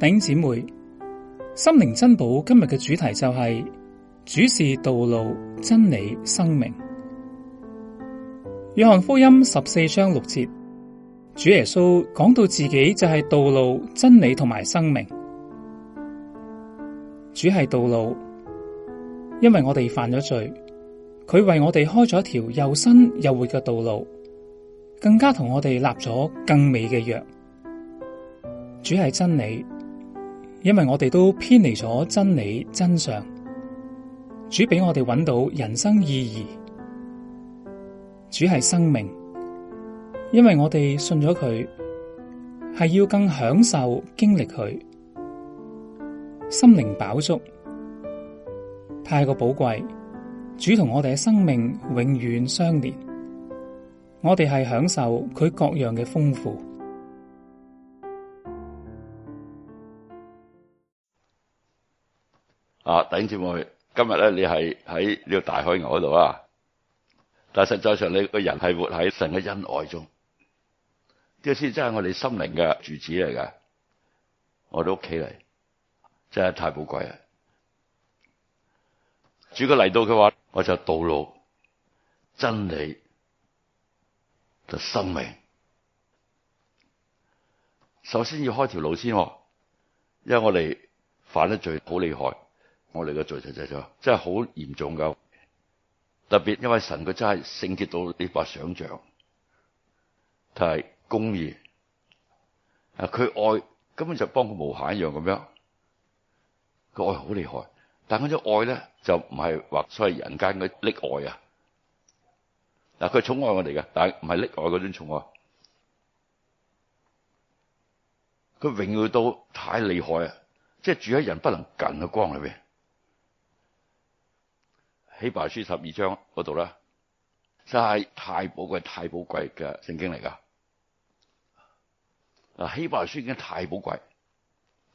弟兄姊妹，心靈珍寶今日嘅主題就係、是、主是道路、真理、生命。約翰福音十四章六節，主耶穌講到自己就係道路、真理同埋生命。主係道路，因為我哋犯咗罪，佢為我哋開咗一條又新又活嘅道路，更加同我哋立咗更美嘅約。主係真理。因為我哋都偏離咗真理真相，主俾我哋揾到人生意義。主係生命，因為我哋信咗佢，係要更享受經歷佢，心靈飽足，太過寶貴。主同我哋嘅生命永遠相連，我哋係享受佢各樣嘅豐富。啊！頂住我今日咧，你係喺呢個大海牛嗰度啊！但係實際上你個人係活喺神嘅恩愛中，呢個先真係我哋心靈嘅住址嚟噶，我哋屋企嚟，真係太寶貴啦！主佢嚟到佢話，我就道路真理就生命，首先要先開條路先，因為我哋犯得罪好厲害。我哋嘅罪就就就真係好嚴重噶特別因為神佢真係聖潔到你無法想象，佢係公義，佢愛根本就幫佢無限一樣咁樣，佢愛好厲害，但係嗰種愛咧就唔係話所謂人間嘅溺愛啊，嗱，佢寵愛我哋嘅，但係唔係溺愛嗰種寵愛，佢榮耀到太厲害啊，即係住喺人不能近嘅光裏邊。希伯來書十二章嗰度咧，就係太寶貴、太寶貴嘅聖經嚟噶。嗱，希伯來書已經太寶貴，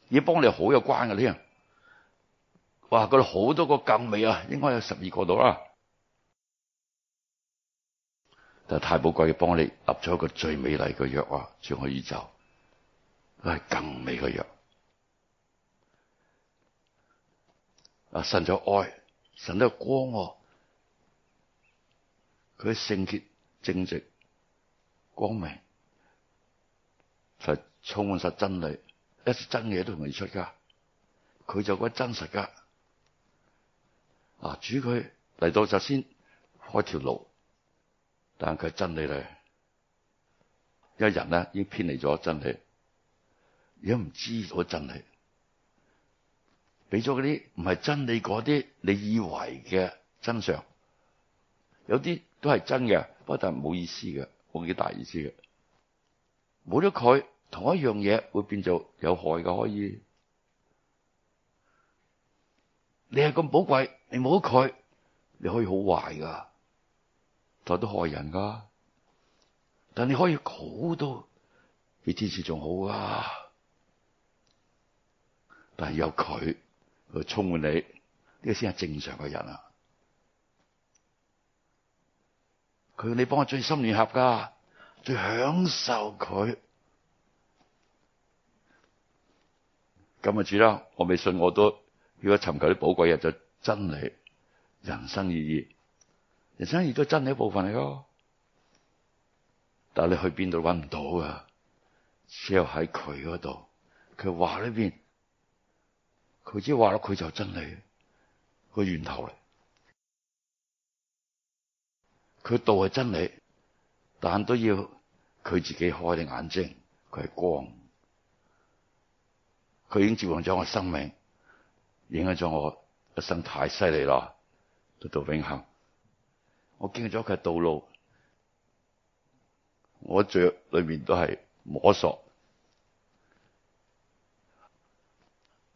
已經幫你好有關嘅添。哇，嗰度好多個更美啊，應該有十二個度啦。但係太寶貴，幫你立咗一個最美麗嘅約啊，全個宇宙係更美嘅約。啊，信咗愛。神都光哦、啊，佢聖潔正直光明，就充滿實真理，一啲真嘢都同佢出㗎。佢就講真實㗎，嗱、啊、主佢嚟到就先開條路，但佢真理咧，因為人呢已經偏離咗真理，而唔知咗真理。俾咗嗰啲唔係真理嗰啲，你以為嘅真相，有啲都係真嘅，不過但係冇意思嘅，冇幾大意思嘅。冇咗佢，同一樣嘢會變做有害嘅，可以。你係咁寶貴，你冇咗佢，你可以好壞噶，但都害人噶。但你可以好多，比天使仲好啊，但係有佢。佢充滿你，呢、這個先係正常嘅人啊！佢你幫我最心聯合噶，最享受佢。咁啊，主啦，我未信我都如果尋求啲寶貴嘢就真理、人生意義、人生意義都真理一部分嚟噶。但係你去邊度揾唔到啊？只有喺佢嗰度，佢話裏邊。佢只話咯，佢就是真理，佢源頭嚟。佢道係真理，但都要佢自己開啲眼睛。佢係光，佢已經照亮咗我生命，影響咗我一生太犀利啦，得到永恆。我經歷咗佢嘅道路，我最裏面都係摸索。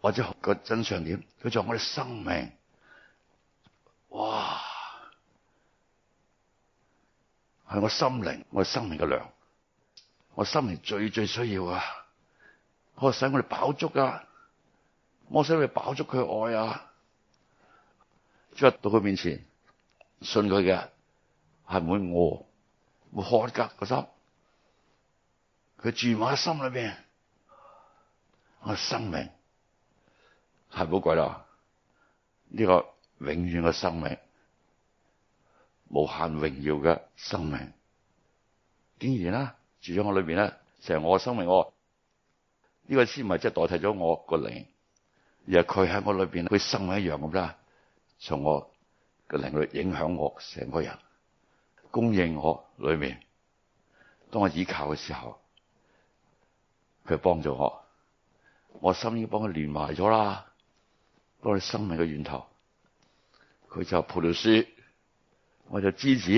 或者個真相點？佢就我哋生命，哇！係我心靈，我哋生命嘅糧，我心靈最最需要啊！可使我哋飽足啊！我使佢飽足佢愛啊！即刻到佢面前，信佢嘅係唔會餓、會渴噶，個心，佢住埋喺心裏邊，我生命。係好鬼咯！呢個永遠嘅生命，無限榮耀嘅生命，竟然啦，住咗我裏邊咧，成我嘅生命我，呢個先唔係即係代替咗我個靈，而係佢喺我裏邊，佢生命一樣咁啦，從我嘅靈裏影響我成個人，供應我裏面，當我倚靠嘅時候，佢幫助我，我心已經幫佢連埋咗啦。我哋生命嘅源頭，佢就普羅書，我就支持，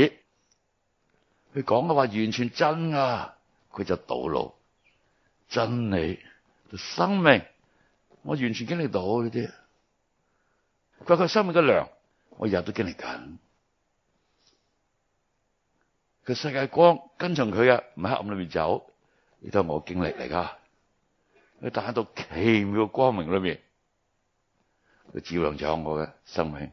佢講嘅話完全真啊！佢就道路真理生命，我完全經歷到呢啲，佢個生命嘅糧，我日日都經歷緊。佢世界光跟從佢啊，唔喺黑暗裡面走，亦都係我的經歷嚟噶。佢但到奇妙嘅光明裡面。佢照亮咗我嘅生命。